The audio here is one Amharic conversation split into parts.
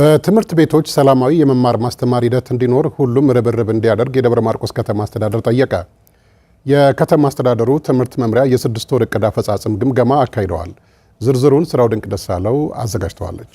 በትምህርት ቤቶች ሰላማዊ የመማር ማስተማር ሂደት እንዲኖር ሁሉም ርብርብ እንዲያደርግ የደብረ ማርቆስ ከተማ አስተዳደር ጠየቀ። የከተማ አስተዳደሩ ትምህርት መምሪያ የስድስት ወር እቅድ አፈጻጽም ግምገማ አካሂደዋል። ዝርዝሩን ስራው ድንቅ ደሳለው አዘጋጅተዋለች።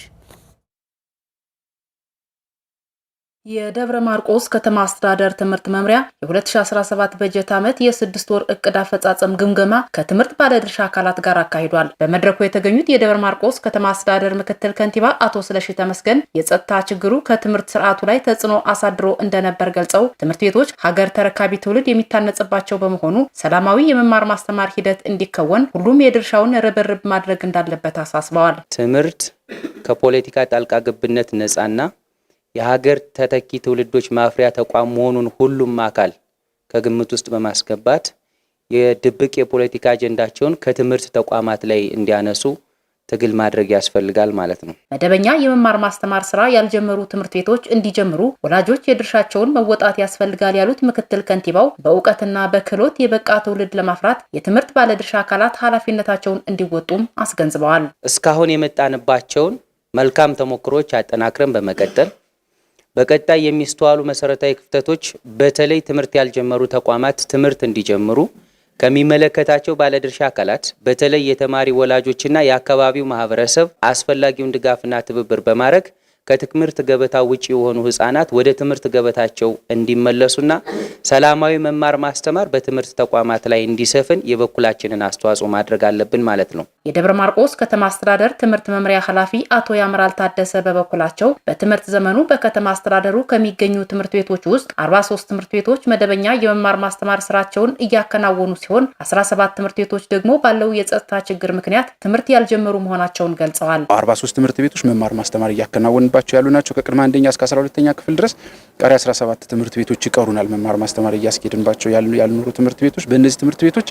የደብረ ማርቆስ ከተማ አስተዳደር ትምህርት መምሪያ የ2017 በጀት ዓመት የስድስት ወር እቅድ አፈጻጸም ግምገማ ከትምህርት ባለድርሻ አካላት ጋር አካሂዷል። በመድረኩ የተገኙት የደብረ ማርቆስ ከተማ አስተዳደር ምክትል ከንቲባ አቶ ስለሺ ተመስገን የጸጥታ ችግሩ ከትምህርት ስርዓቱ ላይ ተጽዕኖ አሳድሮ እንደነበር ገልጸው ትምህርት ቤቶች ሀገር ተረካቢ ትውልድ የሚታነጽባቸው በመሆኑ ሰላማዊ የመማር ማስተማር ሂደት እንዲከወን ሁሉም የድርሻውን ርብርብ ማድረግ እንዳለበት አሳስበዋል። ትምህርት ከፖለቲካ ጣልቃ ገብነት ነጻና የሀገር ተተኪ ትውልዶች ማፍሪያ ተቋም መሆኑን ሁሉም አካል ከግምት ውስጥ በማስገባት የድብቅ የፖለቲካ አጀንዳቸውን ከትምህርት ተቋማት ላይ እንዲያነሱ ትግል ማድረግ ያስፈልጋል ማለት ነው። መደበኛ የመማር ማስተማር ስራ ያልጀመሩ ትምህርት ቤቶች እንዲጀምሩ ወላጆች የድርሻቸውን መወጣት ያስፈልጋል ያሉት ምክትል ከንቲባው በእውቀትና በክህሎት የበቃ ትውልድ ለማፍራት የትምህርት ባለድርሻ አካላት ኃላፊነታቸውን እንዲወጡም አስገንዝበዋል። እስካሁን የመጣንባቸውን መልካም ተሞክሮች አጠናክረን በመቀጠል በቀጣይ የሚስተዋሉ መሰረታዊ ክፍተቶች በተለይ ትምህርት ያልጀመሩ ተቋማት ትምህርት እንዲጀምሩ ከሚመለከታቸው ባለድርሻ አካላት በተለይ የተማሪ ወላጆችና የአካባቢው ማህበረሰብ አስፈላጊውን ድጋፍና ትብብር በማድረግ ከትምህርት ገበታ ውጪ የሆኑ ህጻናት ወደ ትምህርት ገበታቸው እንዲመለሱና ሰላማዊ መማር ማስተማር በትምህርት ተቋማት ላይ እንዲሰፍን የበኩላችንን አስተዋጽኦ ማድረግ አለብን ማለት ነው። የደብረ ማርቆስ ከተማ አስተዳደር ትምህርት መምሪያ ኃላፊ አቶ ያምራል ታደሰ በበኩላቸው በትምህርት ዘመኑ በከተማ አስተዳደሩ ከሚገኙ ትምህርት ቤቶች ውስጥ 43 ትምህርት ቤቶች መደበኛ የመማር ማስተማር ስራቸውን እያከናወኑ ሲሆን 17 ትምህርት ቤቶች ደግሞ ባለው የጸጥታ ችግር ምክንያት ትምህርት ያልጀመሩ መሆናቸውን ገልጸዋል። 43 ትምህርት ቤቶች መማር ማስተማር እያከናወንባቸው ያሉ ናቸው። ከቅድመ አንደኛ እስከ 12ኛ ክፍል ድረስ ቀሪ 17 ትምህርት ቤቶች ይቀሩናል። መማር ማስተማር እያስኬድንባቸው ያልኖሩ ትምህርት ቤቶች በእነዚህ ትምህርት ቤቶች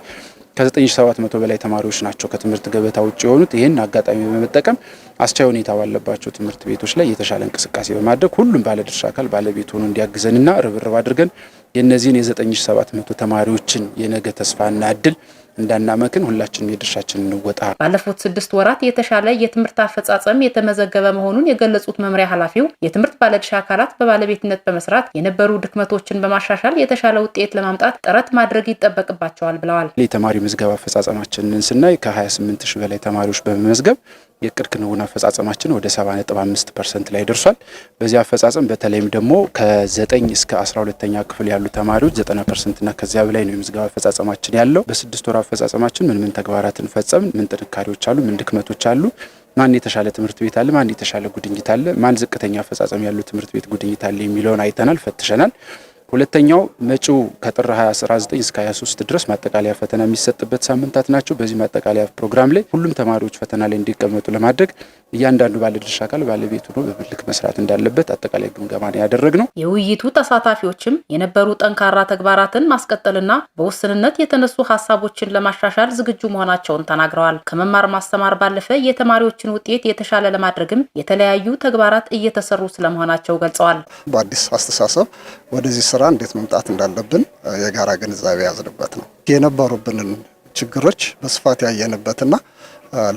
ከ9700 በላይ ተማሪዎች ናቸው ከትምህርት ገበታ ውጭ የሆኑት። ይህን አጋጣሚ በመጠቀም አስቻይ ሁኔታ ባለባቸው ትምህርት ቤቶች ላይ የተሻለ እንቅስቃሴ በማድረግ ሁሉም ባለድርሻ አካል ባለቤት ሆኖ እንዲያግዘንና ርብርብ አድርገን የእነዚህን የ9700 ተማሪዎችን የነገ ተስፋና እድል እንዳናመክን ሁላችንም የድርሻችን እንወጣ። ባለፉት ስድስት ወራት የተሻለ የትምህርት አፈጻጸም የተመዘገበ መሆኑን የገለጹት መምሪያ ኃላፊው የትምህርት ባለድርሻ አካላት በባለቤትነት በመስራት የነበሩ ድክመቶችን በማሻሻል የተሻለ ውጤት ለማምጣት ጥረት ማድረግ ይጠበቅባቸዋል ብለዋል። የተማሪ ምዝገባ አፈጻጸማችንን ስናይ ከ28 ሺህ በላይ ተማሪዎች በመመዝገብ የእቅድ ክንውን አፈጻጸማችን ወደ 75 ፐርሰንት ላይ ደርሷል። በዚህ አፈጻጸም በተለይም ደግሞ ከ9 እስከ 12 ኛ ክፍል ያሉ ተማሪዎች 90 ፐርሰንትና ከዚያ በላይ ነው የምዝገባ አፈጻጸማችን ያለው። በስድስት ወር አፈጻጸማችን ምን ምን ተግባራትን ፈጸም፣ ምን ጥንካሬዎች አሉ፣ ምን ድክመቶች አሉ ማን የተሻለ ትምህርት ቤት አለ፣ ማን የተሻለ ጉድኝት አለ፣ ማን ዝቅተኛ አፈጻጸም ያለው ትምህርት ቤት ጉድኝት አለ የሚለውን አይተናል፣ ፈትሸናል። ሁለተኛው መጪው ከጥር 2019 እስከ 23 ድረስ ማጠቃለያ ፈተና የሚሰጥበት ሳምንታት ናቸው። በዚህ ማጠቃለያ ፕሮግራም ላይ ሁሉም ተማሪዎች ፈተና ላይ እንዲቀመጡ ለማድረግ እያንዳንዱ ባለድርሻ አካል ባለቤቱ ነው በብልክ መስራት እንዳለበት አጠቃላይ ግምገማ ነው ያደረግነው። የውይይቱ ተሳታፊዎችም የነበሩ ጠንካራ ተግባራትን ማስቀጠልና በውስንነት የተነሱ ሀሳቦችን ለማሻሻል ዝግጁ መሆናቸውን ተናግረዋል። ከመማር ማስተማር ባለፈ የተማሪዎችን ውጤት የተሻለ ለማድረግም የተለያዩ ተግባራት እየተሰሩ ስለመሆናቸው ገልጸዋል። በአዲስ አስተሳሰብ ወደዚህ ስራ እንዴት መምጣት እንዳለብን የጋራ ግንዛቤ ያዝንበት ነው የነበሩብንን ችግሮች በስፋት ያየንበትና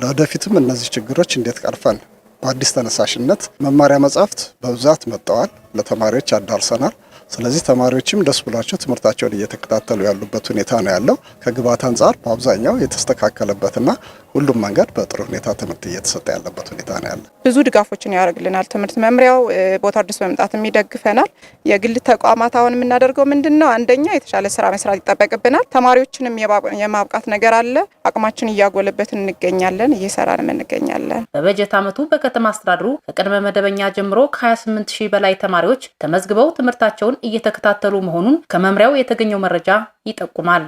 ለወደፊትም እነዚህ ችግሮች እንዴት ቀርፈን በአዲስ ተነሳሽነት መማሪያ መጻሕፍት በብዛት መጥተዋል፣ ለተማሪዎች አዳርሰናል። ስለዚህ ተማሪዎችም ደስ ብሏቸው ትምህርታቸውን እየተከታተሉ ያሉበት ሁኔታ ነው ያለው። ከግብዓት አንጻር በአብዛኛው የተስተካከለበትና ሁሉም መንገድ በጥሩ ሁኔታ ትምህርት እየተሰጠ ያለበት ሁኔታ ነው ያለ። ብዙ ድጋፎችን ያደርግልናል ትምህርት መምሪያው ቦታ ድረስ በመምጣትም ይደግፈናል። የግል ተቋማት አሁን የምናደርገው ምንድን ነው? አንደኛ የተሻለ ስራ መስራት ይጠበቅብናል። ተማሪዎችንም የማብቃት ነገር አለ። አቅማችን እያጎለበትን እንገኛለን፣ እየሰራንም እንገኛለን። በበጀት ዓመቱ በከተማ አስተዳድሩ ከቅድመ መደበኛ ጀምሮ ከ28 ሺህ በላይ ተማሪዎች ተመዝግበው ትምህርታቸውን እየተከታተሉ መሆኑን ከመምሪያው የተገኘው መረጃ ይጠቁማል።